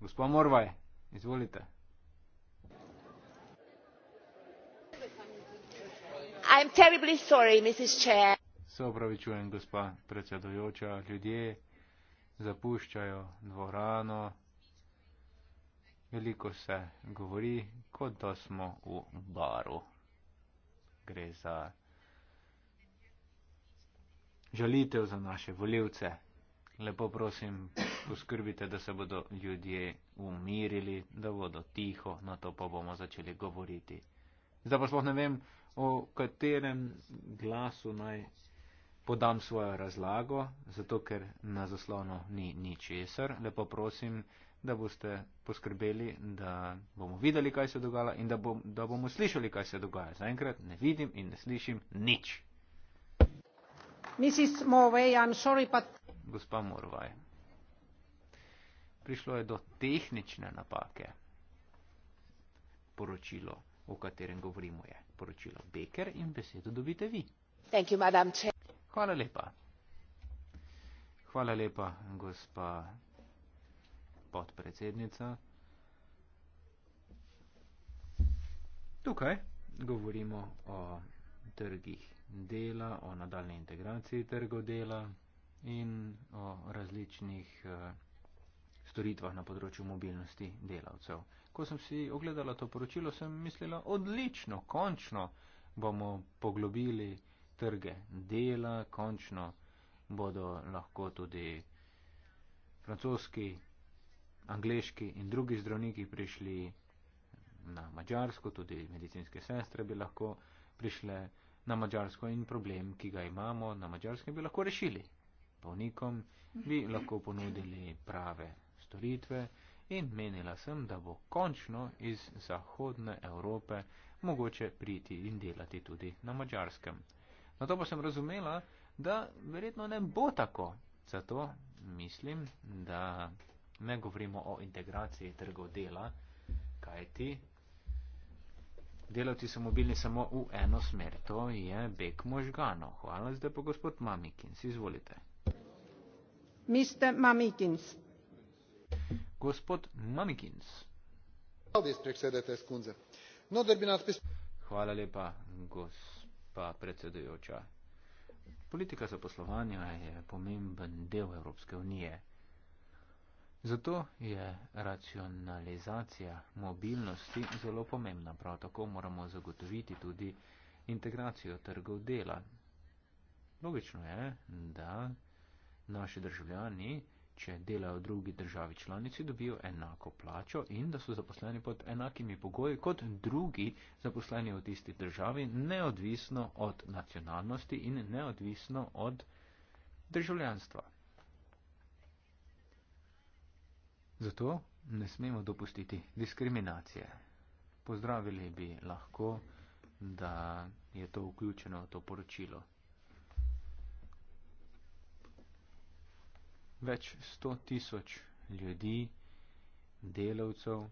Gospod Morvaj, izvolite. Se opravičujem, gospa predsedojoča, ljudje zapuščajo dvorano, veliko se govori, kot da smo v baru. Gre za žalitev za naše voljivce lepo prosim, poskrbite, da se bodo ljudje umirili, da bodo tiho, na to pa bomo začeli govoriti. Zdaj pa sploh ne vem, o katerem glasu naj podam svojo razlago, zato ker na zaslonu ni ničesar. Lepo prosim, da boste poskrbeli, da bomo videli, kaj se dogaja in da, bom, da bomo slišali, kaj se dogaja. Zaenkrat ne vidim in ne slišim nič. Mrs. Morway, I'm sorry, but gospa Morvaj. Prišlo je do tehnične napake. Poročilo, o katerem govorimo, je poročilo Beker in besedo dobite vi. You, Hvala lepa. Hvala lepa, gospa podpredsednica. Tukaj govorimo o trgih dela, o nadaljni integraciji trgov dela in o različnih eh, storitvah na področju mobilnosti delavcev. Ko sem si ogledala to poročilo, sem mislila, odlično, končno bomo poglobili trge dela, končno bodo lahko tudi francoski, angliški in drugi zdravniki prišli na mačarsko, tudi medicinske sestre bi lahko prišle na mačarsko in problem, ki ga imamo na mačarskem, bi lahko rešili bolnikom bi lahko ponudili prave storitve in menila sem, da bo končno iz zahodne Evrope mogoče priti in delati tudi na mačarskem. Na to pa sem razumela, da verjetno ne bo tako. Zato mislim, da ne govorimo o integraciji trgov dela, kaj ti. Delavci so mobilni samo v eno smer, to je beg možgano. Hvala zdaj pa gospod Mamikins, izvolite gospod mamikins hvala lepa gospa predsedujoča politika zaposlovanja je pomemben del evropske unije zato je racionalizacija mobilnosti zelo pomembna prav tako moramo zagotoviti tudi integracijo trgov dela logično je da naši državljani, če delajo v drugi državi članici, dobijo enako plačo in da so zaposleni pod enakimi pogoji kot drugi zaposleni v tisti državi, neodvisno od nacionalnosti in neodvisno od državljanstva. Zato ne smemo dopustiti diskriminacije. Pozdravili bi lahko, da je to vključeno v to poročilo. več sto tisoč ljudi, delavcev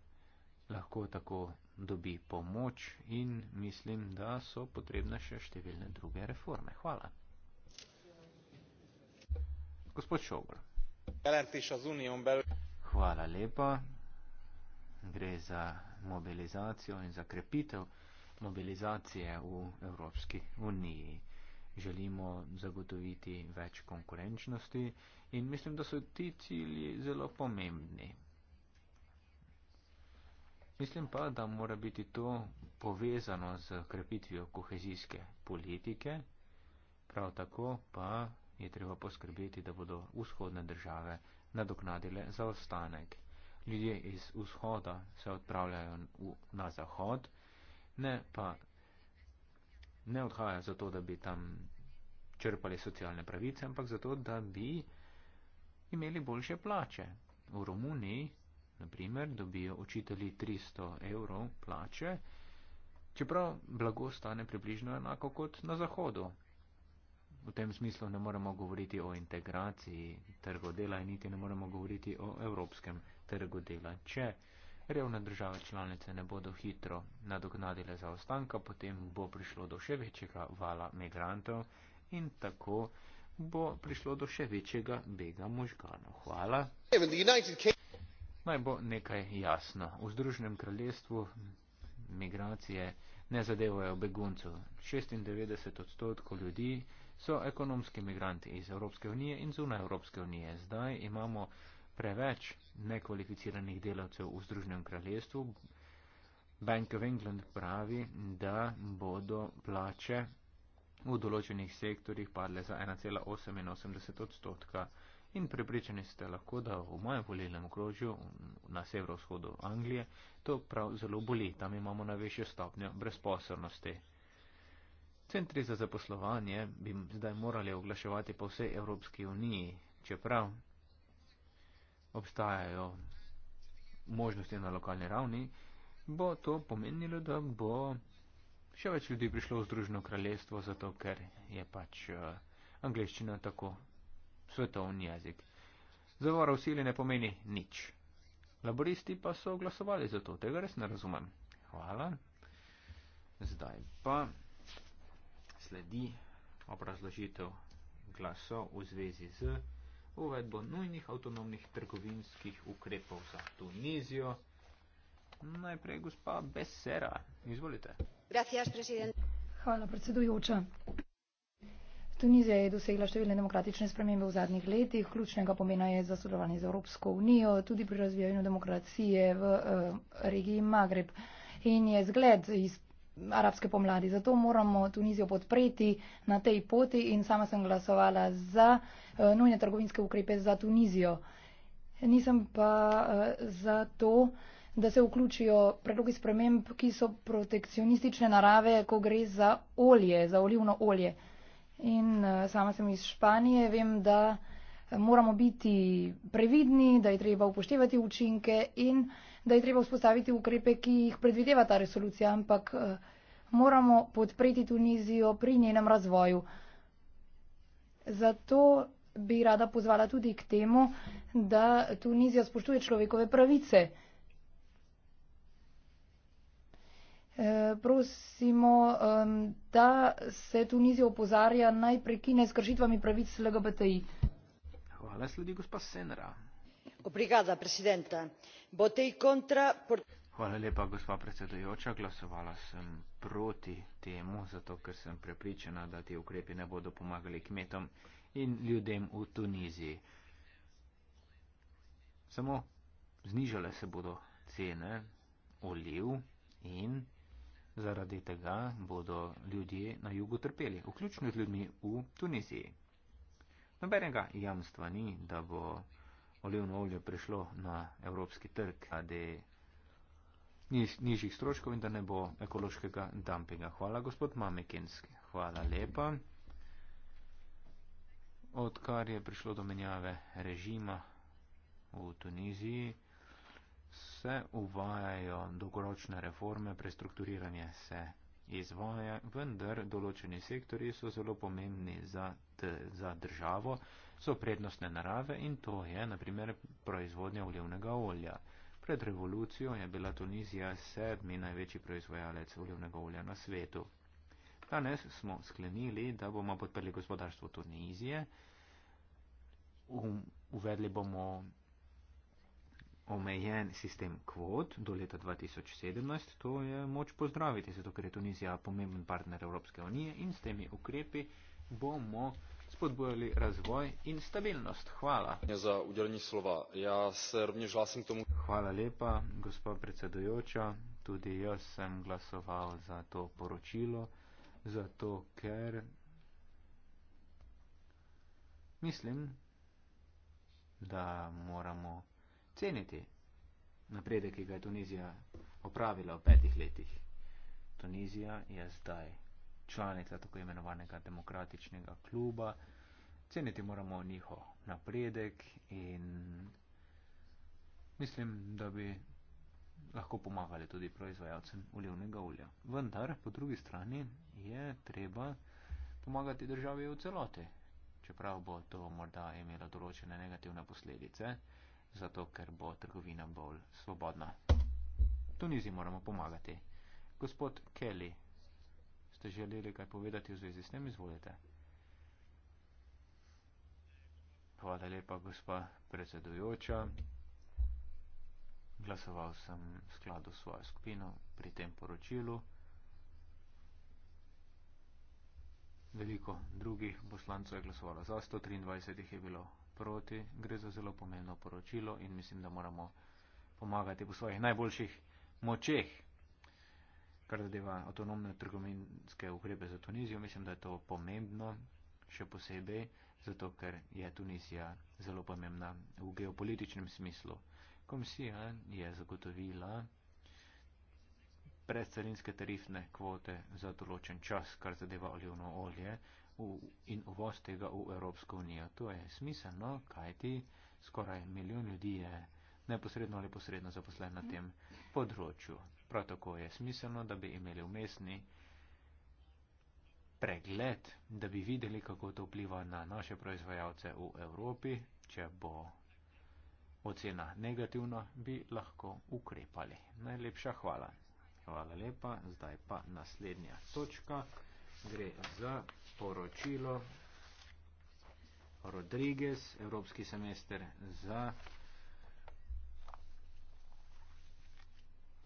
lahko tako dobi pomoč in mislim, da so potrebne še številne druge reforme. Hvala. Gospod Šobr. Hvala lepa. Gre za mobilizacijo in za krepitev mobilizacije v Evropski uniji. Želimo zagotoviti več konkurenčnosti In mislim, da so ti cilji zelo pomembni. Mislim pa, da mora biti to povezano z krepitvijo kohezijske politike, prav tako pa je treba poskrbeti, da bodo vzhodne države nadoknadile zaostanek. Ljudje iz vzhoda se odpravljajo na zahod, ne pa ne odhajajo zato, da bi tam črpali socialne pravice, ampak zato, da bi imeli boljše plače. V Romuniji, na primer, dobijo učitelji 300 evrov plače, čeprav blago stane približno enako kot na zahodu. V tem smislu ne moremo govoriti o integraciji trgo dela in niti ne moremo govoriti o evropskem trgo dela. Če revne države članice ne bodo hitro nadoknadile zaostanka, potem bo prišlo do še večjega vala migrantov in tako bo prišlo do še večjega bega možganov. Hvala. Naj bo nekaj jasno. V Združenem kraljestvu migracije ne zadevajo beguncev. 96 odstotkov ljudi so ekonomski migranti iz Evropske unije in zunaj Evropske unije. Zdaj imamo preveč nekvalificiranih delavcev v Združenem kraljestvu. Bank of England pravi, da bodo plače v določenih sektorjih padle za 1,88 odstotka in prepričani ste lahko, da v mojem volilnem okrožju na severovzhodu Anglije to prav zelo boli, tam imamo najvišjo stopnjo brezposobnosti. Centri za zaposlovanje bi zdaj morali oglaševati po vsej Evropski uniji, čeprav obstajajo možnosti na lokalni ravni, bo to pomenilo, da bo še več ljudi prišlo v Združeno kraljestvo, zato ker je pač uh, eh, angliščina tako svetovni jezik. Zavora v sili ne pomeni nič. Laboristi pa so glasovali za to, tega res ne razumem. Hvala. Zdaj pa sledi obrazložitev glasov v zvezi z uvedbo nujnih avtonomnih trgovinskih ukrepov za Tunizijo. Najprej gospa Besera, izvolite. Hvala, predsedujoča. Tunizija je dosegla številne demokratične spremembe v zadnjih letih. Ključnega pomena je za sodelovanje z Evropsko unijo, tudi pri razvijanju demokracije v uh, regiji Magreb. In je zgled iz arabske pomladi. Zato moramo Tunizijo podpreti na tej poti in sama sem glasovala za uh, nujne trgovinske ukrepe za Tunizijo. Nisem pa uh, za to. Uh, da se vključijo predlogi sprememb, ki so protekcionistične narave, ko gre za olje, za olivno olje. In eh, sama sem iz Španije, vem, da moramo biti previdni, da je treba upoštevati učinke in da je treba vzpostaviti ukrepe, ki jih predvideva ta resolucija, ampak eh, moramo podpreti Tunizijo pri njenem razvoju. Zato bi rada pozvala tudi k temu, da Tunizija spoštuje človekove pravice. Eh, prosimo, da se Tunizijo opozarja naj prekine s kršitvami pravic LGBTI. Hvala, sledi gospa Senra. Obrigada, presidenta. Bote in kontra. Por... Hvala lepa, gospa predsedujoča. Glasovala sem proti temu, zato ker sem prepričana, da ti ukrepi ne bodo pomagali kmetom in ljudem v Tuniziji. Samo znižale se bodo cene oliv in Zaradi tega bodo ljudje na jugu trpeli, vključno z ljudmi v Tuniziji. Nobenega jamstva ni, da bo olivno olje prišlo na evropski trg, kade niž, nižjih stroškov in da ne bo ekološkega dumpinga. Hvala, gospod Mamekinski. Hvala lepa. Odkar je prišlo do menjave režima v Tuniziji, se uvajajo dolgoročne reforme, prestrukturiranje se izvaja, vendar določeni sektori so zelo pomembni za, t, za državo, so prednostne narave in to je, na primer, proizvodnja olivnega olja. Pred revolucijo je bila Tunizija sedmi največji proizvajalec olivnega olja na svetu. Danes smo sklenili, da bomo podprli gospodarstvo Tunizije, um, uvedli bomo omejen sistem kvot do leta 2017, to je moč pozdraviti, zato ker je Tunizija pomemben partner Evropske unije in s temi ukrepi bomo spodbojali razvoj in stabilnost. Hvala. Za udeljenje slova. Ja se rovnež glasim k tomu. Hvala lepa, gospa predsedujoča. Tudi jaz sem glasoval za to poročilo, zato ker mislim, da moramo ceniti napredek, ki ga je Tunizija opravila v petih letih. Tunizija je zdaj članica tako imenovanega demokratičnega kluba. Ceniti moramo njihov napredek in mislim, da bi lahko pomagali tudi proizvajalcem olivnega olja. Vendar, po drugi strani, je treba pomagati državi v celoti, čeprav bo to morda imelo določene negativne posledice zato ker bo trgovina bolj svobodna. Tunizi moramo pomagati. Gospod Kelly, ste želeli kaj povedati v zvezi s tem? Izvolite. Hvala lepa, gospa predsedujoča. Glasoval sem v skladu s svojo skupino pri tem poročilu. Veliko drugih poslancev je glasovalo za, 123 jih je bilo proti, gre za zelo pomembno poročilo in mislim, da moramo pomagati po svojih najboljših močeh, kar zadeva avtonomne trgovinske ukrepe za Tunizijo. Mislim, da je to pomembno, še posebej, zato ker je Tunizija zelo pomembna v geopolitičnem smislu. Komisija je zagotovila predcarinske tarifne kvote za določen čas, kar zadeva olivno olje v, in uvoz tega v Evropsko unijo. To je smiselno, kajti skoraj milijon ljudi je neposredno ali posredno zaposlen na tem področju. Prav tako je smiselno, da bi imeli umestni pregled, da bi videli, kako to vpliva na naše proizvajalce v Evropi. Če bo ocena negativna, bi lahko ukrepali. Najlepša hvala. Hvala lepa. Zdaj pa naslednja točka gre za poročilo Rodriguez, evropski semester za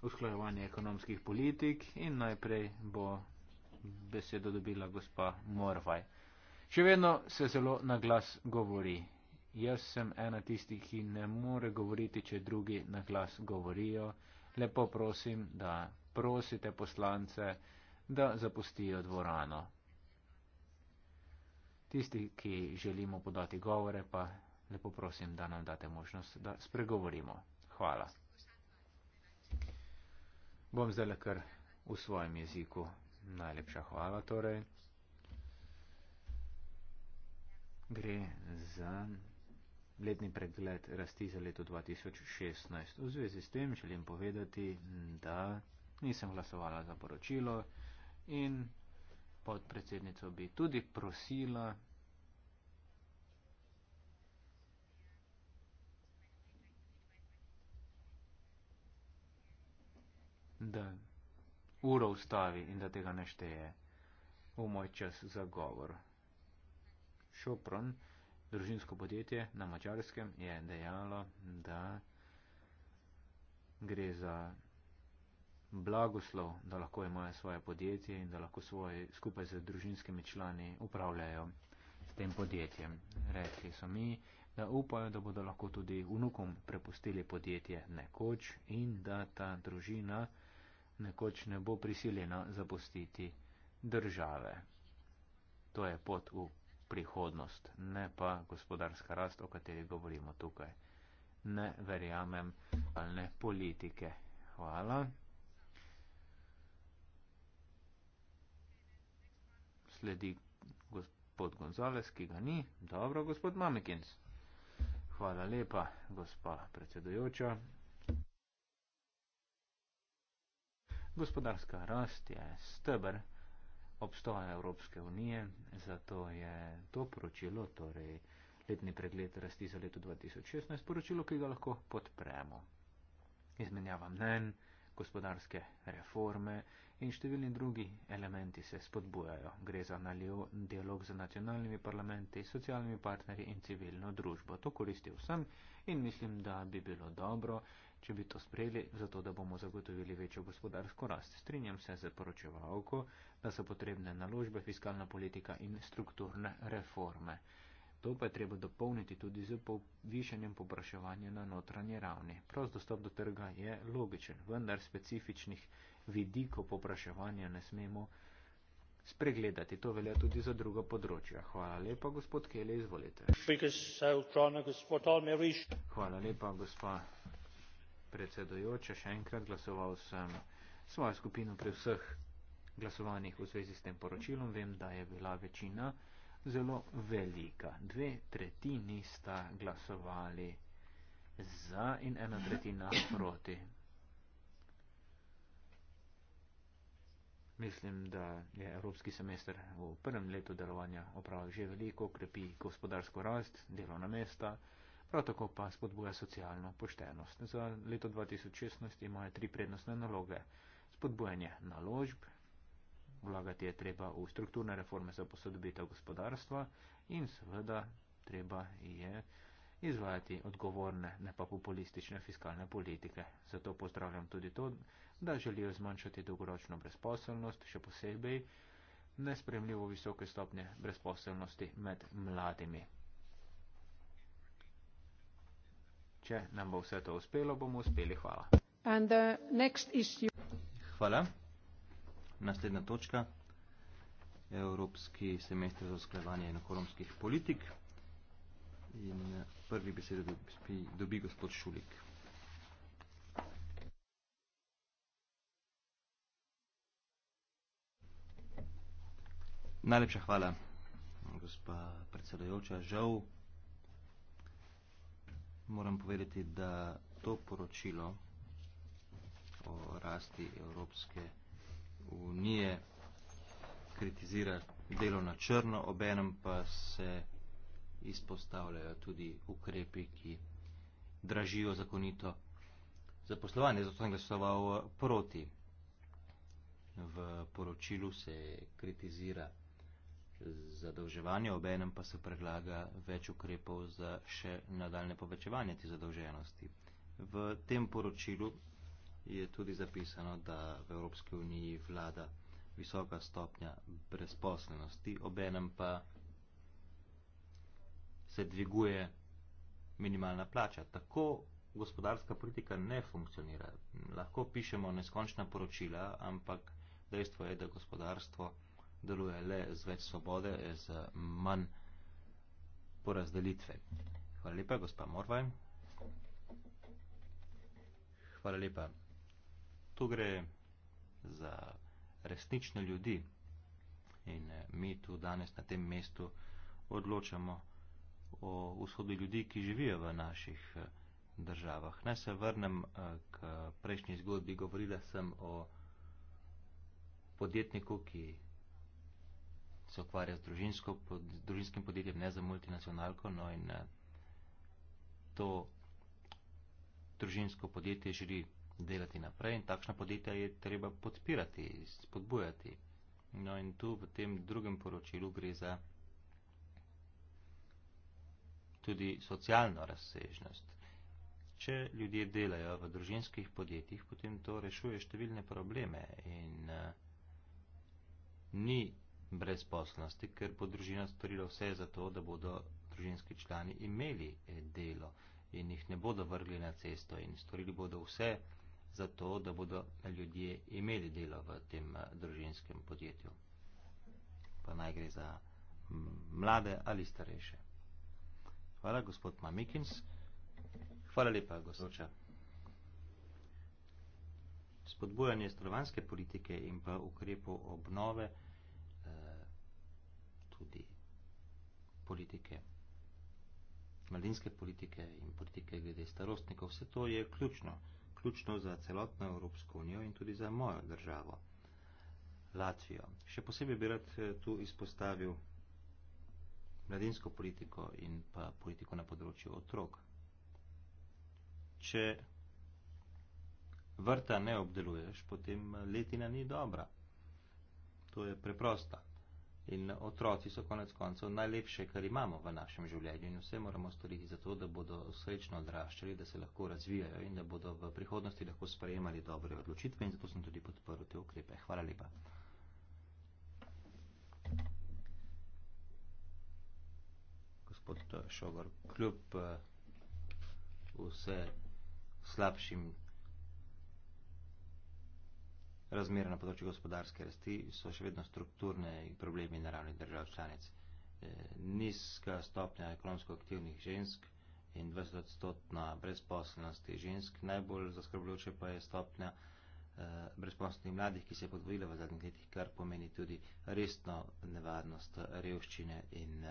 usklajevanje ekonomskih politik in najprej bo besedo dobila gospa Morvaj. Še vedno se zelo na glas govori. Jaz sem ena tistih, ki ne more govoriti, če drugi na glas govorijo. Lepo prosim, da prosite poslance, da zapustijo dvorano. Tisti, ki želimo podati govore, pa lepo prosim, da nam date možnost, da spregovorimo. Hvala. Bom zdaj lekar v svojem jeziku. Najlepša hvala torej. Gre za letni pregled rasti za leto 2016. V zvezi s tem želim povedati, da nisem glasovala za poročilo in podpredsednico bi tudi prosila, da uro ustavi in da tega nešteje v moj čas za govor. Šopron, družinsko podjetje na mačarskem, je dejalo, da gre za blagoslov, da lahko imajo svoje podjetje in da lahko svoje, skupaj z družinskimi člani upravljajo s tem podjetjem. Rekli so mi, da upajo, da bodo lahko tudi unukom prepustili podjetje nekoč in da ta družina nekoč ne bo prisiljena zapustiti države. To je pot v prihodnost, ne pa gospodarska rast, o kateri govorimo tukaj. Ne verjamem, ali ne politike. Hvala. sledi gospod Gonzales, ki ga ni. Dobro, gospod Mamikins. Hvala lepa, gospa predsedujoča. Gospodarska rast je stebr obstoja Evropske unije, zato je to poročilo, torej letni pregled rasti za leto 2016, poročilo, ki ga lahko podpremo. Izmenjava mnen, gospodarske reforme in številni drugi elementi se spodbujajo. Gre za naliv dialog z nacionalnimi parlamenti, socialnimi partnerji in civilno družbo. To koristi vsem in mislim, da bi bilo dobro, če bi to sprejeli, zato da bomo zagotovili večjo gospodarsko rast. Strinjam se z poročevalko, da so potrebne naložbe, fiskalna politika in strukturne reforme. To pa je treba dopolniti tudi z povišanjem popraševanja na notranje ravni. Prost dostop do trga je logičen, vendar specifičnih vidiko popraševanja ne smemo spregledati. To velja tudi za druga področja. Hvala lepa, gospod Kele, izvolite. Hvala lepa, gospa predsedojoča. Še enkrat glasoval sem svojo skupino pri vseh glasovanjih v zvezi s tem poročilom. Vem, da je bila večina zelo velika. Dve tretjini sta glasovali za in ena tretjina proti. Mislim, da je evropski semester v prvem letu delovanja opravil že veliko, krepi gospodarsko rast, delovna mesta, prav tako pa spodbuja socialno poštenost. Za leto 2016 imajo tri prednostne naloge. Spodbujanje naložb, vlagati je treba v strukturne reforme za posodobitev gospodarstva in seveda treba je izvajati odgovorne, ne pa populistične fiskalne politike. Zato pozdravljam tudi to, da želijo zmanjšati dolgoročno brezposelnost, še posebej nespremljivo visoke stopnje brezposelnosti med mladimi. Če nam bo vse to uspelo, bomo uspeli. Hvala. Hvala. Naslednja točka. Evropski semester za usklajevanje ekonomskih politik in eh, prvi besedo dobi, dobi gospod Šulik. Najlepša hvala, gospa predsedojoča. Žal moram povedati, da to poročilo o rasti Evropske unije kritizira delo na črno, obenem pa se izpostavljajo tudi ukrepi, ki dražijo zakonito zaposlovanje. Zato sem glasoval eh, proti. V poročilu se kritizira zadolževanje, obenem pa se predlaga več ukrepov za še nadaljne povečevanje te zadolženosti. V tem poročilu je tudi zapisano, da v Evropski uniji vlada visoka stopnja brezposlenosti, obenem pa se dviguje minimalna plača. Tako gospodarska politika ne funkcionira. Lahko pišemo neskončna poročila, ampak dejstvo je, da gospodarstvo deluje le z več svobode, z manj porazdelitve. Hvala lepa, gospa Morvaj. Hvala lepa. Tu gre za resnične ljudi in eh, mi tu danes na tem mestu odločamo, o usodi ljudi, ki živijo v naših eh, državah. Naj se vrnem eh, k prejšnji zgodbi. Govorila sem o podjetniku, ki se ukvarja z pod, družinskim podjetjem, ne za multinacionalko, no in eh, to družinsko podjetje želi delati naprej in takšna podjetja je treba podpirati, spodbujati. No in tu v tem drugem poročilu gre za tudi socialno razsežnost. Če ljudje delajo v družinskih podjetjih, potem to rešuje številne probleme in eh, ni brezposlnosti, ker bo družina storila vse za to, da bodo družinski člani imeli eh, delo in jih ne bodo vrgli na cesto in storili bodo vse za to, da bodo ljudje imeli delo v tem eh, družinskem podjetju. Pa naj gre za mlade ali starejše. Hvala, gospod Mamikins. Hvala lepa, gospodoča. Spodbujanje stravanske politike in pa ukrepo obnove eh, tudi politike, mladinske politike in politike glede starostnikov, vse to je ključno. Ključno za celotno Evropsko unijo in tudi za mojo državo, Latvijo. Še posebej bi rad eh, tu izpostavil mladinsko politiko in pa politiko na področju otrok. Če vrta ne obdeluješ, potem eh, letina ni dobra. To je preprosta. In otroci so konec koncev najlepše, kar imamo v našem življenju in vse moramo storiti za to, da bodo srečno odraščali, da se lahko razvijajo in da bodo v prihodnosti lahko sprejemali dobre odločitve in zato sem tudi podprl te ukrepe. Hvala lepa. gospod Šogor, kljub eh, vse slabšim razmerom na področju gospodarske rasti, so še vedno strukturne problemi na ravni držav članic. Eh, nizka stopnja ekonomsko aktivnih žensk in 20-odstotna brezposelnosti žensk, najbolj zaskrbljujoče pa je stopnja eh, brezposobnih mladih, ki se je podvojila v zadnjih letih, kar pomeni tudi resno nevarnost revščine in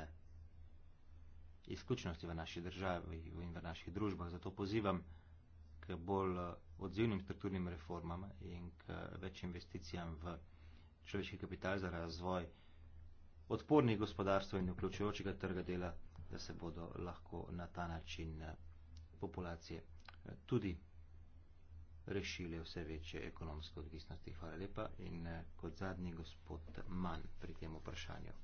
izključnosti v naši državi in v naših družbah. Zato pozivam k bolj eh, odzivnim strukturnim reformam in k eh, več investicijam v človeški kapital za razvoj odpornih gospodarstv in vključujočega trga dela, da se bodo lahko na ta način eh, populacije tudi rešile vse večje ekonomske odvisnosti. Hvala lepa in kot zadnji gospod Mann pri tem vprašanju.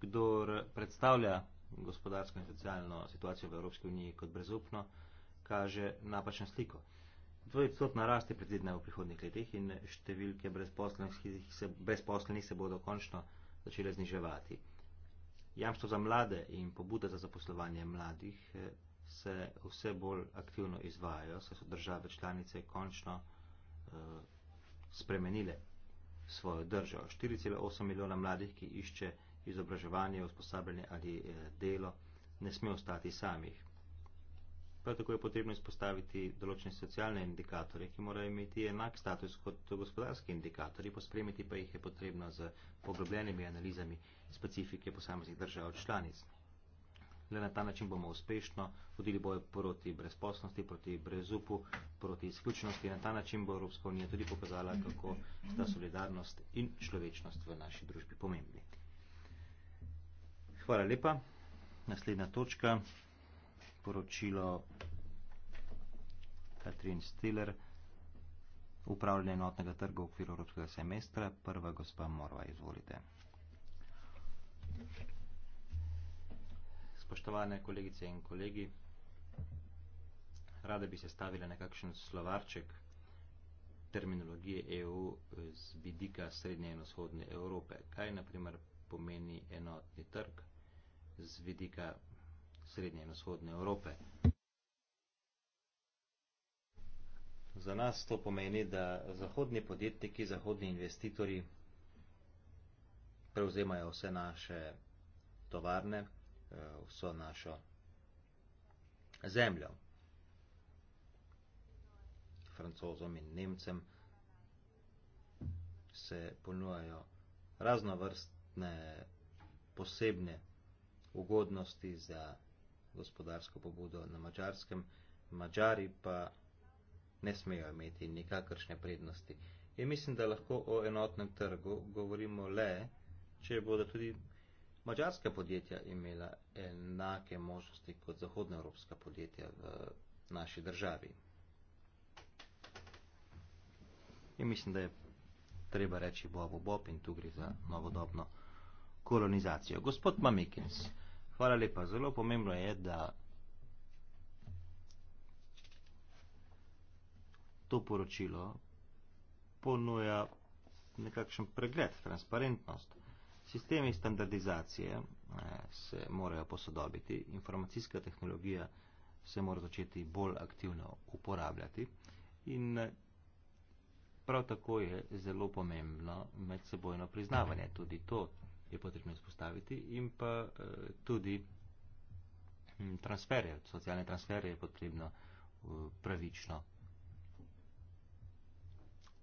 kdo predstavlja gospodarsko in socialno situacijo v Evropski uniji kot brezupno, kaže napačno sliko. Dvojcotna rast je predvidena v prihodnih letih in številke brezposlenih se, brezposlenih se bodo končno začele zniževati. Jamstvo za mlade in pobuda za zaposlovanje mladih eh, se vse bolj aktivno izvajajo, saj so države članice končno uh, spremenile svojo držo. 4,8 milijona mladih, ki išče izobraževanje, usposabljanje ali eh, delo ne sme ostati samih. Prav tako je potrebno izpostaviti določene socialne indikatorje, ki morajo imeti enak status kot gospodarski indikatorji, pospremiti pa jih je potrebno z poglobljenimi analizami specifike posameznih držav članic. Le na ta način bomo uspešno vodili boj proti brezposnosti, proti brezupu, proti izključnosti. Na ta način bo Evropska unija tudi pokazala, kako sta solidarnost in človečnost v naši družbi pomembni. Hvala lepa. Naslednja točka. Poročilo Katrin Stiller, upravljanje enotnega trga v okviru Evropskega semestra. Prva gospa Morva, izvolite. Spoštovane kolegice in kolegi, rada bi se stavila nekakšen slovarček terminologije EU z vidika srednje in vzhodne Evrope. Kaj naprimer pomeni enotni trg? z vidika srednje in vzhodne Evrope. Za nas to pomeni, da zahodni podjetniki, zahodni investitorji prevzemajo vse naše tovarne, eh, vso našo zemljo. Francozom in Nemcem se ponujajo raznovrstne posebne ugodnosti za gospodarsko pobudo na mačarskem, mačari pa ne smejo imeti nikakršne prednosti. In mislim, da lahko o enotnem trgu govorimo le, če bodo tudi mačarska podjetja imela enake možnosti kot zahodnoevropska podjetja v naši državi. In mislim, da je treba reči bobo bob in tu gre za novodobno kolonizacijo. Gospod Mamikins. Uh, Hvala lepa. Zelo pomembno je, da to poročilo ponuja nekakšen pregled, transparentnost. Sistemi standardizacije eh, se morajo posodobiti, informacijska tehnologija se mora začeti bolj aktivno uporabljati in eh, prav tako je zelo pomembno medsebojno priznavanje. Tudi to je potrebno izpostaviti in pa eh, tudi hm, transferje, socialne transferje je potrebno eh, pravično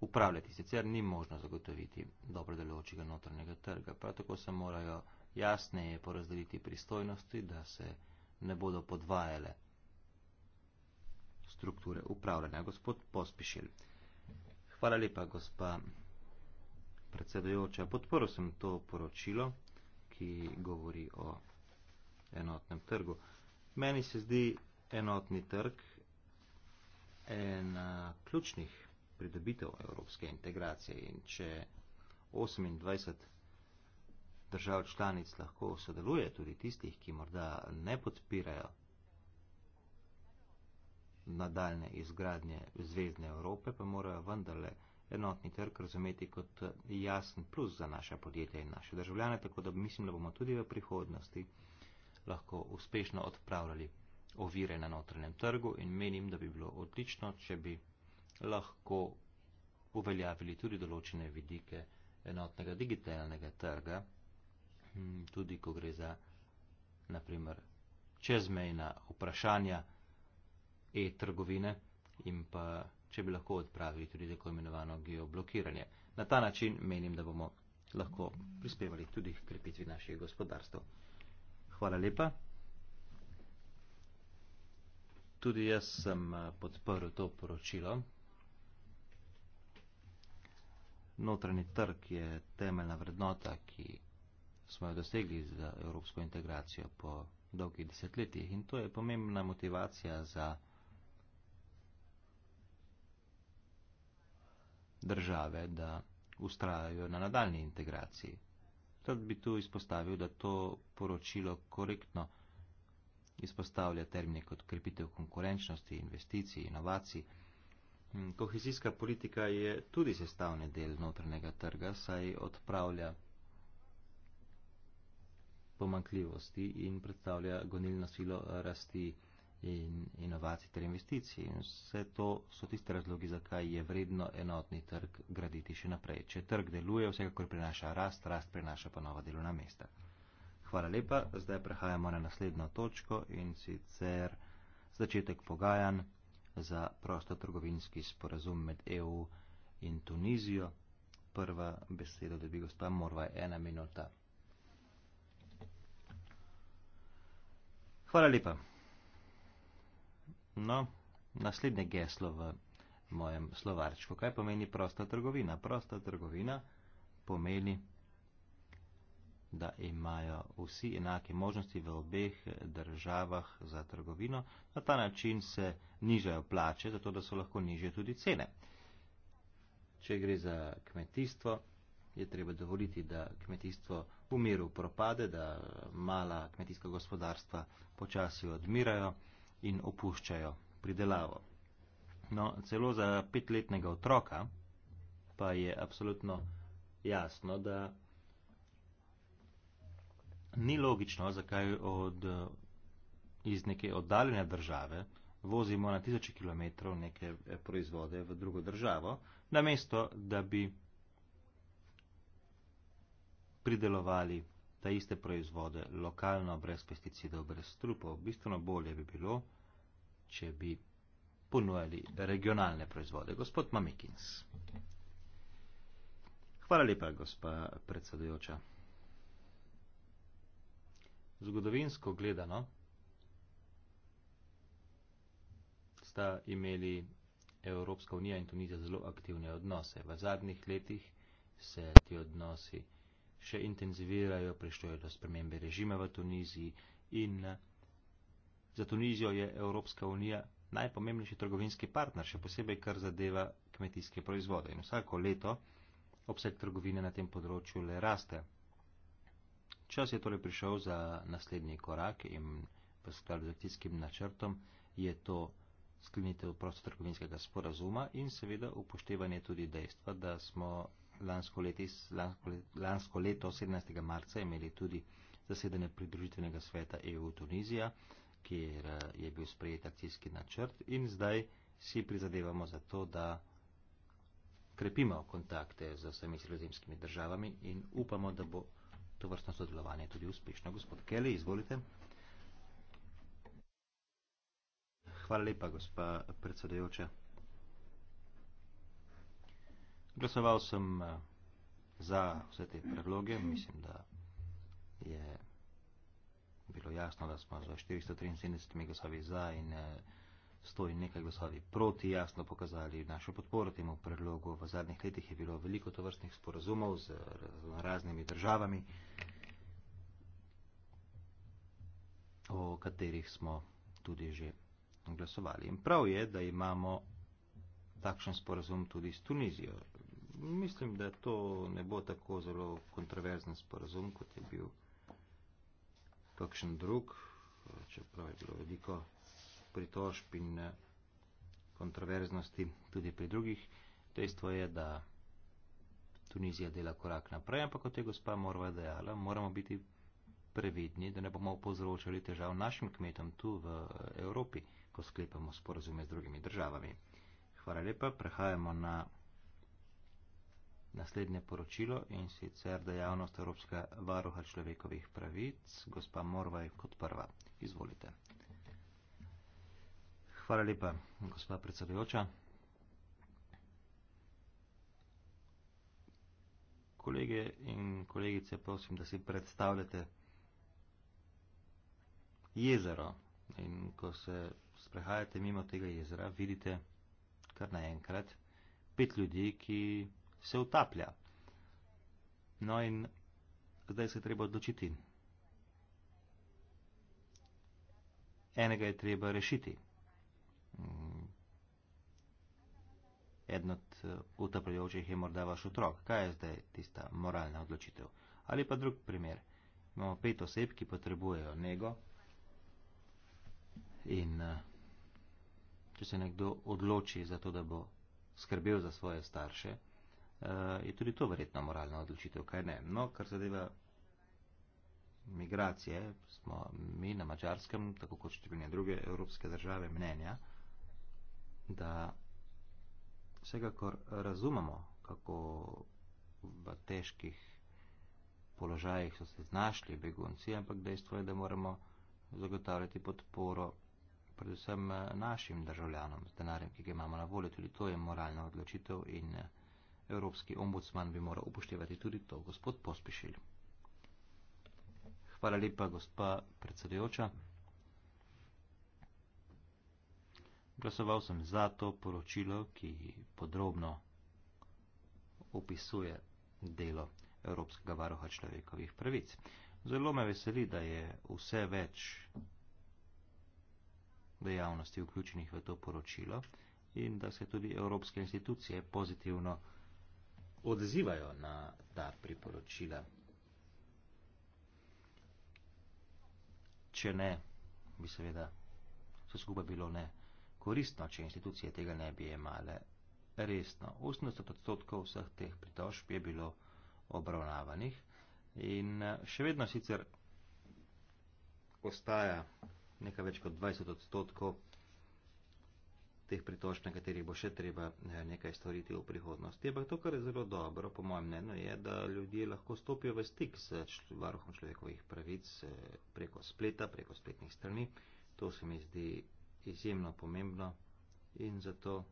upravljati. Sicer ni možno zagotoviti dobro delujočega notranjega trga. Prav tako se morajo jasneje porazdeliti pristojnosti, da se ne bodo podvajale strukture upravljanja. Gospod Pospišil. Hvala lepa, gospa predsedajoča, podporil sem to poročilo, ki govori o enotnem trgu. Meni se zdi enotni trg ena ključnih pridobitev evropske integracije in če 28 držav članic lahko sodeluje tudi tistih, ki morda ne podpirajo nadaljne izgradnje zvezdne Evrope, pa morajo vendarle enotni trg razumeti kot eh, jasen plus za naše podjetje in naše državljane, tako da mislim, da bomo tudi v prihodnosti lahko uspešno odpravljali ovire na notranjem trgu in menim, da bi bilo odlično, če bi lahko uveljavili tudi določene vidike enotnega digitalnega trga, hm, tudi ko gre za, naprimer, čezmejna vprašanja e-trgovine in pa če bi lahko odpravili tudi tako imenovano geoblokiranje. Na ta način menim, da bomo lahko prispevali tudi k krepitvi naših gospodarstv. Hvala lepa. Tudi jaz sem eh, podprl to poročilo. Notranji trg je temeljna vrednota, ki smo jo dosegli z evropsko integracijo po dolgih desetletjih in to je pomembna motivacija za. države, da ustrajajo na nadaljni integraciji. Rad bi tu izpostavil, da to poročilo korektno izpostavlja termine kot krepitev konkurenčnosti, investicij, inovacij. Kohezijska politika je tudi sestavni del notranjega trga, saj odpravlja pomankljivosti in predstavlja gonilno silo rasti in inovacij ter investicij. In vse to so tiste razlogi, zakaj je vredno enotni trg graditi še naprej. Če trg deluje, vsekakor prinaša rast, rast prinaša pa nova delovna mesta. Hvala lepa, zdaj prehajamo na naslednjo točko in sicer začetek pogajanj za prostotrgovinski sporazum med EU in Tunizijo. Prva beseda, da bi gospa Morva, je ena minuta. Hvala lepa. No, naslednje geslo v mojem slovarčku. Kaj pomeni prosta trgovina? Prosta trgovina pomeni, da imajo vsi enake možnosti v obeh državah za trgovino. Na ta način se nižajo plače, zato da so lahko nižje tudi cene. Če gre za kmetijstvo, je treba dovoliti, da kmetijstvo v miru propade, da mala kmetijska gospodarstva počasi odmirajo in opuščajo pridelavo. No, celo za petletnega otroka pa je absolutno jasno, da ni logično, zakaj od, iz neke oddaljene države vozimo na tisoče kilometrov neke eh, proizvode v drugo državo, namesto da bi pridelovali te iste proizvode lokalno, brez pesticidov, brez strupov. Bistveno bolje bi bilo, če bi ponujali regionalne proizvode. Gospod Mamikins. Hvala lepa, gospa predsedujoča. Zgodovinsko gledano sta imeli Evropska unija in Tunizija zelo aktivne odnose. V zadnjih letih se ti odnosi še intenzivirajo, prišlo je do spremembe režima v Tuniziji in eh, za Tunizijo je Evropska unija najpomembnejši trgovinski partner, še posebej kar zadeva kmetijske proizvode. In vsako leto obseg trgovine na tem področju le raste. Čas je torej prišel za naslednji korak in v skladu z akcijskim načrtom je to sklenitev prostotrgovinskega sporazuma in seveda upoštevanje tudi dejstva, da smo lansko, letis, lansko, lansko leto, 17. marca, imeli tudi zasedanje pridružitvenega sveta EU Tunizija, kjer eh, je bil sprejet akcijski načrt in zdaj si prizadevamo za to, da krepimo kontakte z vsemi sredozemskimi državami in upamo, da bo to vrstno sodelovanje tudi uspešno. Gospod Kelly, izvolite. Hvala lepa, gospa predsedujoča. Glasoval sem eh, za vse te predloge. Mislim, da je bilo jasno, da smo z 473 glasovi za in 100 eh, in nekaj glasovi proti jasno pokazali našo podporo temu predlogu. V zadnjih letih je bilo veliko tovrstnih sporazumov z raznimi državami, o katerih smo tudi že glasovali. In prav je, da imamo takšen sporazum tudi s Tunizijo mislim, da to ne bo tako zelo kontroverzen sporazum, kot je bil kakšen drug, čeprav je bilo veliko pritožb in eh, kontroverznosti tudi pri drugih. Dejstvo je, da Tunizija dela korak naprej, ampak kot je gospa Morva dejala, moramo biti previdni, da ne bomo povzročali težav našim kmetom tu v eh, Evropi, ko sklepamo sporazume z drugimi državami. Hvala lepa, prehajamo na naslednje poročilo in sicer dejavnost Evropskega varuha človekovih pravic. Gospa Morvaj kot prva. Izvolite. Hvala lepa, gospa predsedujoča. Kolege in kolegice, prosim, da si predstavljate jezero. In ko se sprehajate mimo tega jezera, vidite kar naenkrat pet ljudi, ki se utaplja. No in zdaj se je treba odločiti. Enega je treba rešiti. Eden od eh, utapljajočih je morda vaš otrok. Kaj je zdaj tista moralna odločitev? Ali pa drug primer. Imamo pet oseb, ki potrebujejo nego. In eh, če se nekdo odloči za to, da bo skrbel za svoje starše, Eh, je tudi to verjetno moralna odločitev, kaj ne. No, kar zadeva migracije, smo mi na mačarskem, tako kot številne druge evropske države, mnenja, da vsekakor razumemo, kako v težkih položajih so se znašli begunci, ampak dejstvo je, da moramo zagotavljati podporo predvsem našim državljanom z denarjem, ki ga imamo na voljo. Tudi to je moralna odločitev in eh, Evropski ombudsman bi moral upoštevati tudi to, gospod Pospišil. Hvala lepa, gospa predsedujoča. Glasoval sem za to poročilo, ki podrobno opisuje delo Evropskega varuha človekovih pravic. Zelo me veseli, da je vse več dejavnosti vključenih v to poročilo in da se tudi evropske institucije pozitivno odzivajo na ta priporočila? Če ne, bi seveda vse skupaj bilo ne koristno, če institucije tega ne bi imale resno. 80 odstotkov vseh teh pritožb je bilo obravnavanih in še vedno sicer ostaja nekaj več kot 20 odstotkov teh pritoč, na katerih bo še treba eh, nekaj storiti v prihodnosti. Ampak to, kar je zelo dobro, po mojem mnenju, je, da ljudje lahko stopijo v stik z varuhom človekovih pravic eh, preko spleta, preko spletnih strani. To se mi zdi izjemno pomembno in zato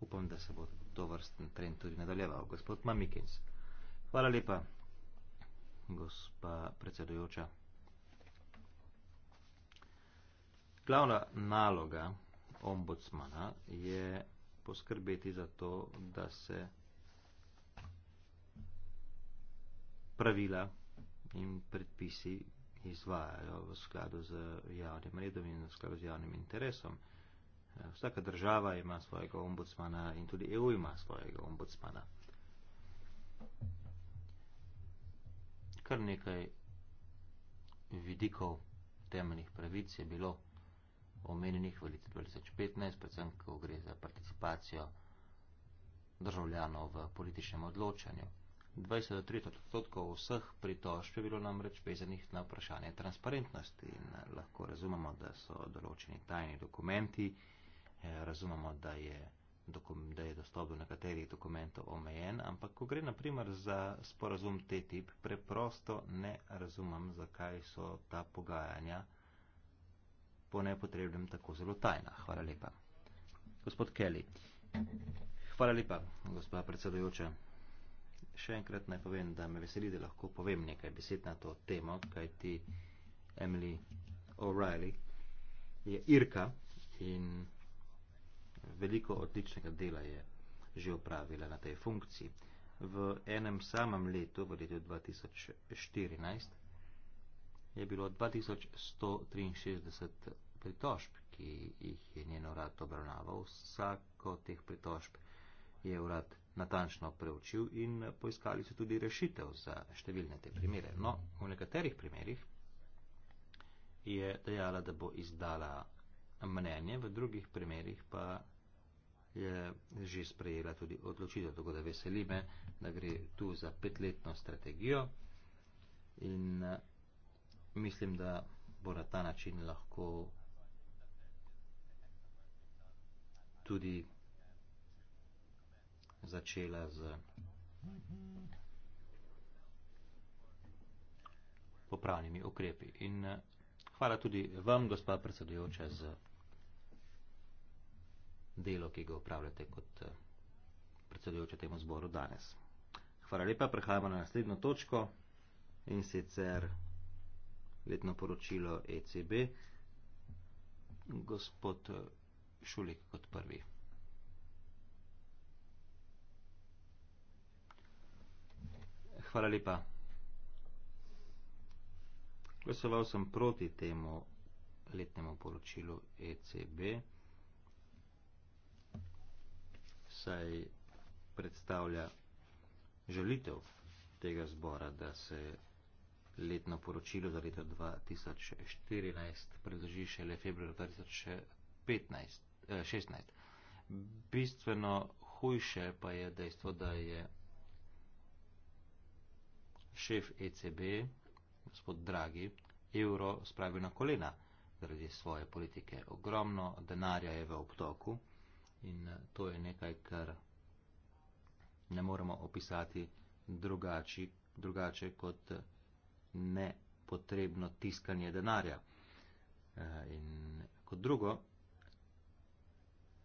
upam, da se bo to vrsten trend tudi nadaljeval. Gospod Mamikins. Hvala lepa, gospa predsedujoča. Glavna naloga ombudsmana je poskrbeti za to, da se pravila in predpisi izvajajo v skladu z javnim redom in v skladu z javnim interesom. Vsaka država ima svojega ombudsmana in tudi EU ima svojega ombudsmana. Kar nekaj vidikov temeljnih pravic je bilo omenjenih v letu 2015, predvsem, ko gre za participacijo državljanov v političnem odločanju. 20 do 30 odstotkov vseh pritožb je bilo namreč vezanih na vprašanje transparentnosti in eh, lahko razumemo, da so določeni tajni dokumenti, eh, razumemo, da je, da je dostop do nekaterih dokumentov omejen, ampak ko gre naprimer za sporazum te tip, preprosto ne razumem, zakaj so ta pogajanja po nepotrebnem tako zelo tajna. Hvala lepa. Gospod Kelly. Hvala lepa, gospa predsedujoča. Še enkrat naj povem, da me veseli, da lahko povem nekaj besed na to temo, kaj ti Emily O'Reilly je Irka in veliko odličnega dela je že opravila na tej funkciji. V enem samem letu, v letu 2014, je bilo 2163 pritožb, ki jih je njen urad obravnaval. Vsako teh pritožb je urad natančno preučil in poiskali so tudi rešitev za številne te primere. No, v nekaterih primerih je dejala, da bo izdala mnenje, v drugih primerih pa je že sprejela tudi odločitev, tako da veseli me, da gre tu za petletno strategijo in mislim, da bo na ta način lahko tudi začela z popravnimi ukrepi. In eh, hvala tudi vam, gospod predsedujoča, za delo, ki ga upravljate kot eh, predsedujoča temu zboru danes. Hvala lepa, prehajamo na naslednjo točko in sicer letno poročilo ECB. Gospod eh, Šulik kot prvi. Hvala lepa. Glasoval sem proti temu letnemu poročilu ECB, saj predstavlja žalitev tega zbora, da se letno poročilo za leto 2014 predloži šele februar 2016. Eh, Bistveno hujše pa je dejstvo, da je šef ECB, gospod Dragi, evro spravil na kolena zaradi svoje politike. Ogromno denarja je v obtoku in eh, to je nekaj, kar ne moremo opisati drugači, drugače kot eh, nepotrebno tiskanje denarja. Eh, in kot drugo,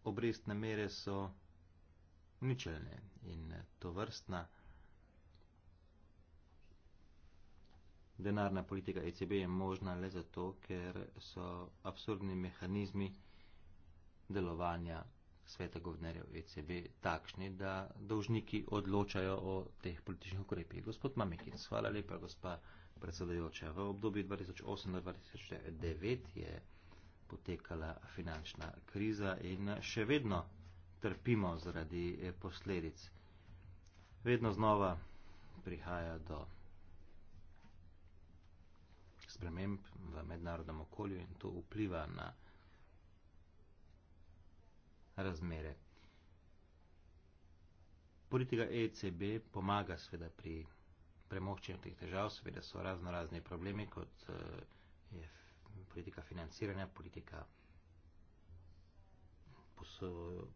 obrestne mere so ničelne in to vrstna denarna politika ECB je možna le zato, ker so absurdni mehanizmi delovanja sveta govnerjev ECB takšni, da dolžniki odločajo o teh političnih ukrepih. Gospod Mamekic, hvala lepa, gospa predsedajoča. V obdobju 2008-2009 je potekala finančna kriza in še vedno trpimo zaradi eh, posledic. Vedno znova prihaja do sprememb v mednarodnem okolju in to vpliva na razmere. Politika ECB pomaga sveda pri premoščenju teh težav, seveda so razno razni problemi, kot eh, je politika financiranja, politika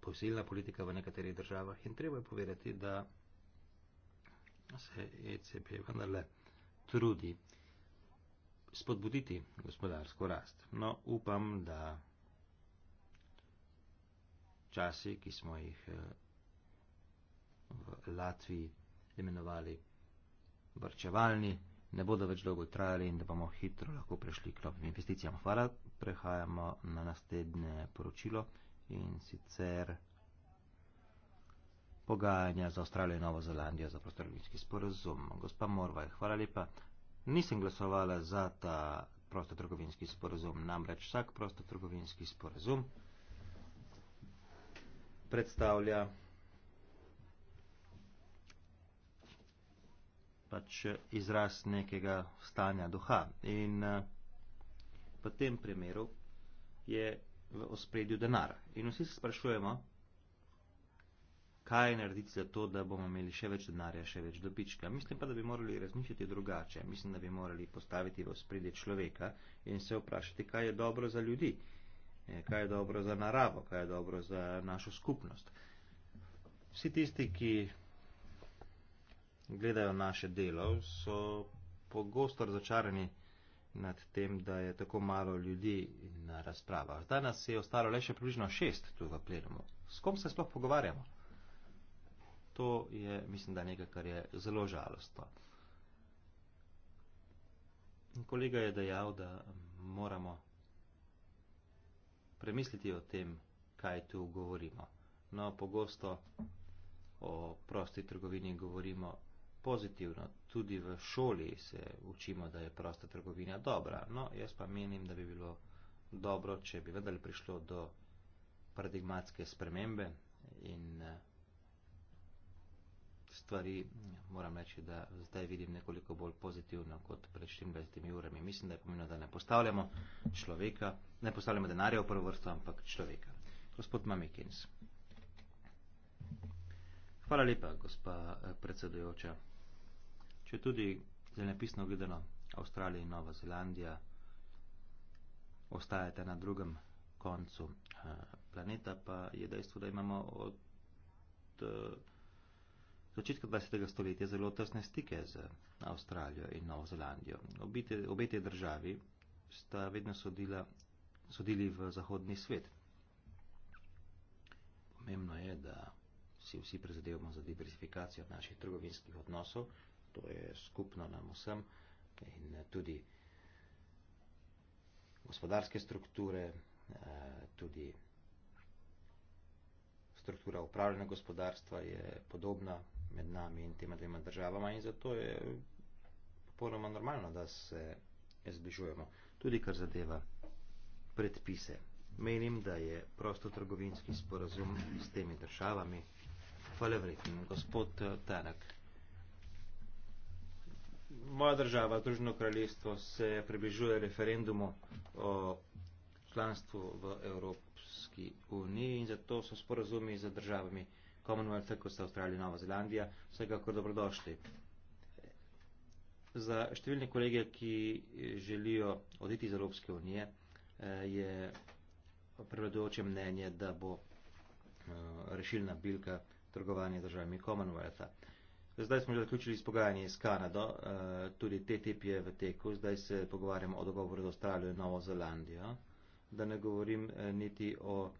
posilna politika v nekaterih državah in treba je povedati, da se ECB vendarle trudi spodbuditi gospodarsko rast. No, upam, da časi, ki smo jih eh, v Latviji imenovali vrčevalni, ne bodo več dolgo trajali in da bomo hitro lahko prešli k novim investicijam. Hvala, prehajamo na naslednje poročilo in sicer pogajanja za Avstralijo in Novo Zelandijo za prostorovinski sporozum. Gospa Morvaj, hvala lepa. Nisem glasovala za ta prostotrgovinski sporozum, namreč vsak prostotrgovinski sporozum predstavlja pač izraz nekega stanja duha. In eh, v tem primeru je v ospredju denar. In vsi se sprašujemo, kaj narediti za to, da bomo imeli še več denarja, še več dobička. Mislim pa, da bi morali razmišljati drugače. Mislim, da bi morali postaviti v ospredje človeka in se vprašati, kaj je dobro za ljudi, eh, kaj je dobro za naravo, kaj je dobro za našo skupnost. Vsi tisti, ki gledajo naše delo, so pogosto razočarani nad tem, da je tako malo ljudi na razpravah. Danes je ostalo le še približno šest tu v plenumu. S kom se sploh pogovarjamo? To je, mislim, da nekaj, kar je zelo žalostno. Kolega je dejal, da moramo premisliti o tem, kaj tu govorimo. No, pogosto o prosti trgovini govorimo pozitivno, tudi v šoli se učimo, da je prosta trgovina dobra. No, jaz pa menim, da bi bilo dobro, če bi vendar prišlo do paradigmatske spremembe in eh, stvari, moram reči, da zdaj vidim nekoliko bolj pozitivno kot pred 24 urami. Mislim, da je pomembno, da ne postavljamo človeka, ne postavljamo denarja v prvo vrsto, ampak človeka. Gospod Mamikins. Hvala lepa, gospa eh, predsedujoča če tudi zemljepisno gledano Avstralija in Nova Zelandija ostajata na drugem koncu eh, planeta, pa je dejstvo, da imamo od eh, začetka 20. stoletja zelo tesne stike z Avstralijo in Novo Zelandijo. Obite, obe te državi sta vedno sodila, sodili v zahodni svet. Pomembno je, da si vsi prizadevamo za diversifikacijo naših trgovinskih odnosov to je skupno nam vsem in eh, tudi gospodarske strukture, eh, tudi struktura upravljanja gospodarstva je podobna med nami in tema dvema državama in zato je popolnoma normalno, da se zbližujemo. Tudi kar zadeva predpise. Menim, da je prostotrgovinski sporazum s temi državami hvalevreten. Gospod eh, Tanak moja država, Združeno kraljestvo, se približuje referendumu o članstvu v Evropski uniji in zato so sporazumi z državami Commonwealtha, kot sta Avstralija in Nova Zelandija, vsekakor dobrodošli. Za številne kolege, ki želijo oditi iz Evropske unije, eh, je prevladujoče mnenje, da bo eh, rešilna bilka trgovanje državami Commonwealtha. Zdaj smo že zaključili izpogajanje s Kanado, eh, tudi TTIP je v teku, zdaj se pogovarjamo o dogovoru z Avstralijo in Novo Zelandijo, da ne govorim eh, niti o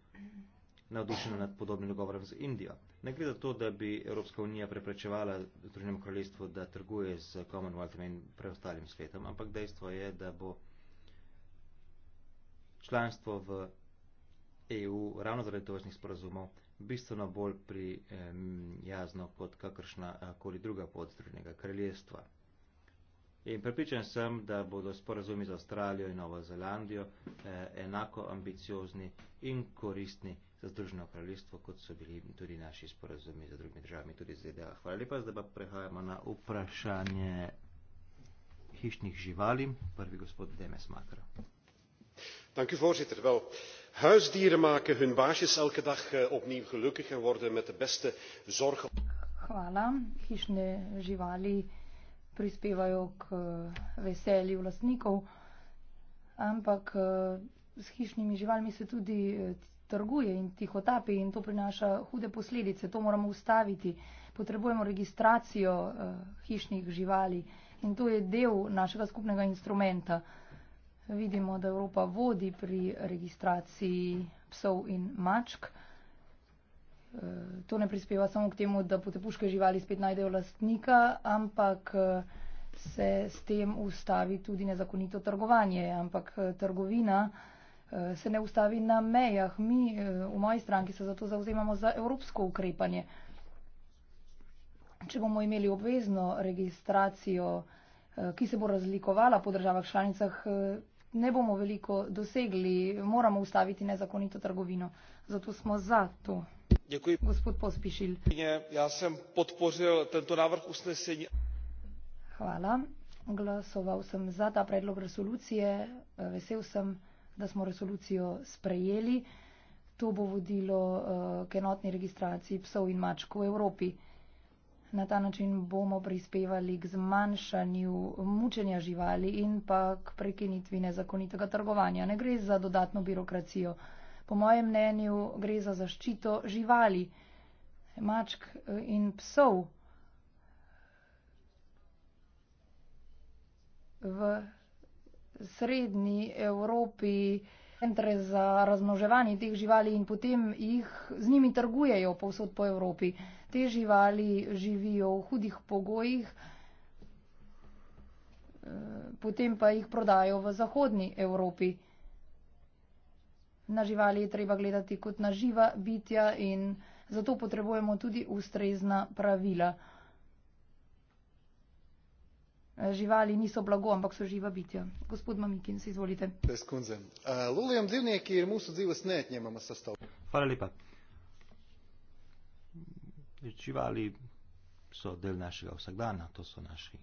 navdušenju nad podobnim dogovorom z Indijo. Ne gre za to, da bi Evropska unija preprečevala Združenemu kraljestvu, da trguje z Commonwealthom in preostalim svetom, ampak dejstvo je, da bo članstvo v EU ravno zaradi tovrstnih sporazumov bistveno bolj prijazno kot kakršna koli druga podstrednega kraljestva. In pripričan sem, da bodo sporazumi z Avstralijo in Novo Zelandijo e, enako ambiciozni in koristni za Združeno kraljestvo, kot so bili tudi naši sporazumi za drugimi državami, tudi z ZDA. Hvala lepa, zdaj pa prehajamo na vprašanje hišnih živali. Prvi gospod Demes Makra voorzitter huisdieren maken hun baasjes elke dag eh, opnieuw gelukkig en worden met de beste zorg eh, eh, trguje in tihotapi in to prinaša hude posledice. To moramo ustaviti. Potrebujemo registracijo uh, hišnih živali in to je del našega skupnega instrumenta vidimo, da Evropa vodi pri registraciji psov in mačk. E, to ne prispeva samo k temu, da potepuške živali spet najdejo lastnika, ampak e, se s tem ustavi tudi nezakonito trgovanje. Ampak e, trgovina se ne ustavi na mejah. Mi v moji stranki se zato zauzemamo za evropsko ukrepanje. Če bomo imeli obvezno registracijo, ki se bo razlikovala po državah članicah, ne bomo veliko dosegli, moramo ustaviti nezakonito trgovino. Zato smo za to. Děkuji. Gospod Pospišil. Já jsem podpořil tento návrh usnesení. Hvala. Glasoval sem za ta predlog resolucije. Vesel sem, da smo resolucijo sprejeli. To bo vodilo eh, k enotni registraciji psov in mačk v Evropi. Na ta način bomo prispevali k zmanjšanju mučenja živali in pa k prekinitvi nezakonitega trgovanja. Ne gre za dodatno birokracijo. Po mojem mnenju gre za zaščito živali, mačk eh, in psov v srednji Evropi centre za razmnoževanje teh živali in potem jih z njimi trgujejo povsod po Evropi. Te živali živijo v hudih pogojih, eh, potem pa jih prodajo v zahodni Evropi. Na živali je treba gledati kot na živa bitja in zato potrebujemo tudi ustrezna pravila živali niso blago, ampak so živa bitja. Gospod Mamikin, si izvolite. Eh, Hvala lepa. Živali so del našega vsakdana, to so naši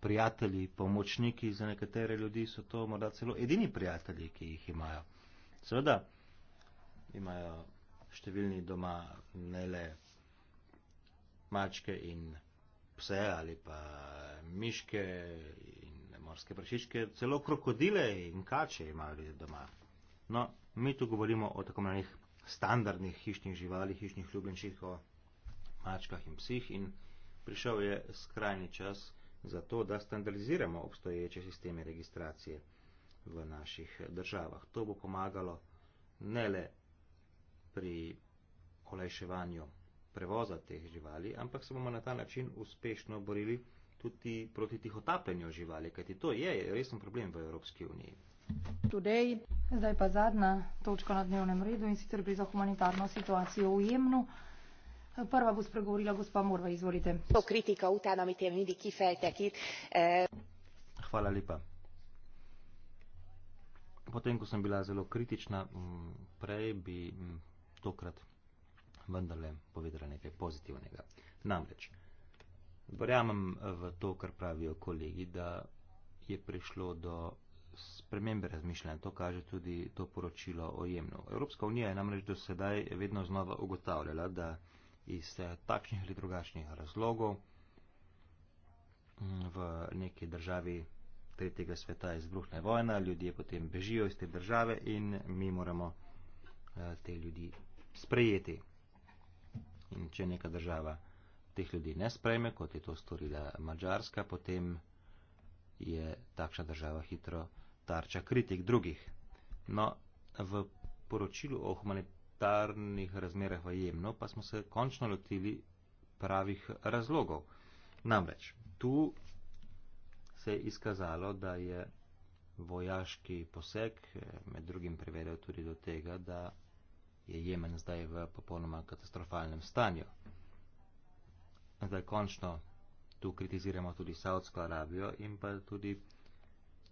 prijatelji, pomočniki, za nekatere ljudi so to morda celo edini prijatelji, ki jih imajo. Seveda imajo številni doma ne le mačke in pse ali pa miške in morske prašičke, celo krokodile in kače imajo ljudje doma. No, mi tu govorimo o tako imenih standardnih hišnih živalih, hišnih ljubljenčih, o mačkah in psih in prišel je skrajni čas za to, da standardiziramo obstoječe sisteme registracije v naših državah. To bo pomagalo ne le pri olajševanju prevoza teh živali, ampak se bomo na ta način uspešno borili tudi proti tihotapljenju živali, kajti to je resen problem v Evropski uniji. Today. Zdaj pa zadnja točka na dnevnem redu in sicer gre za humanitarno situacijo v Jemnu. Prva bo spregovorila gospa Morva, izvolite. To kritika v ta nami tem vidi, ki fejte, ki. Eh, Hvala lepa. Potem, ko sem bila zelo kritična, mm, prej bi mm, tokrat vendarle povedala nekaj pozitivnega. Namreč, verjamem v to, kar pravijo kolegi, da je prišlo do spremembe razmišljanja. To kaže tudi to poročilo o jemnu. Evropska unija je namreč do sedaj vedno znova ugotavljala, da iz eh, takšnih ali drugačnih razlogov mm, v neki državi tretjega sveta izbruhne vojna, ljudje potem bežijo iz te države in mi moramo eh, te ljudi sprejeti. In če neka država teh ljudi ne sprejme, kot je to storila Mačarska, potem je takšna država hitro tarča kritik drugih. No, v poročilu o humanitarnih razmerah v Jemnu pa smo se končno lotili pravih razlogov. Namreč, tu se je izkazalo, da je vojaški poseg eh, med drugim privedel tudi do tega, da je Jemen zdaj v popolnoma katastrofalnem stanju. Zdaj končno tu kritiziramo tudi Saudsko Arabijo in pa tudi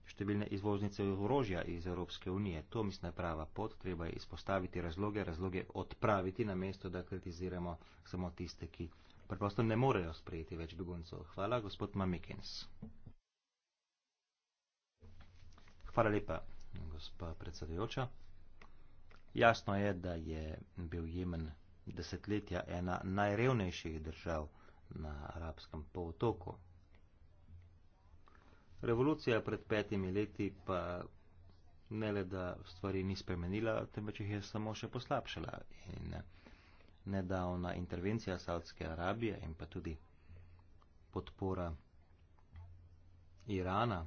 številne izvoznice orožja iz Evropske unije. To mislim, da je prava pot, treba je izpostaviti razloge, razloge odpraviti na mesto, da kritiziramo samo tiste, ki preprosto ne morejo sprejeti več beguncov. Hvala, gospod Mamikens. Hvala lepa, gospa predsedujoča. Jasno je, da je bil Jemen desetletja ena najrevnejših držav na arabskem polotoku. Revolucija pred petimi leti pa ne le, da stvari ni spremenila, temveč jih je samo še poslabšala. In nedavna intervencija Saudske Arabije in pa tudi podpora Irana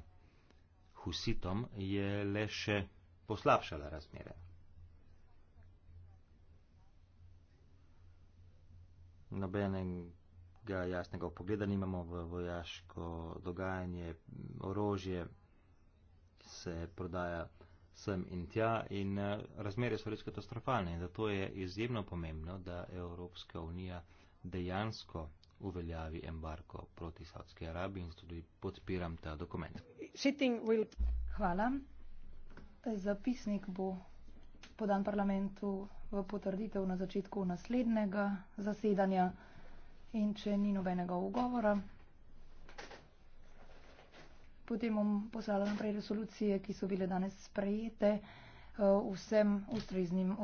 husitom je le še poslabšala razmere. nobenega jasnega pogleda nimamo v vojaško dogajanje, orožje se prodaja sem in tja in eh, razmere so res katastrofalne in zato je izjemno pomembno, da Evropska unija dejansko uveljavi embargo proti Saudski Arabiji in tudi podpiram ta dokument. Hvala. Zapisnik bo podan parlamentu v potrditev na začetku naslednjega zasedanja in če ni nobenega ugovora, potem bom poslala naprej resolucije, ki so bile danes sprejete eh, vsem ustreznim.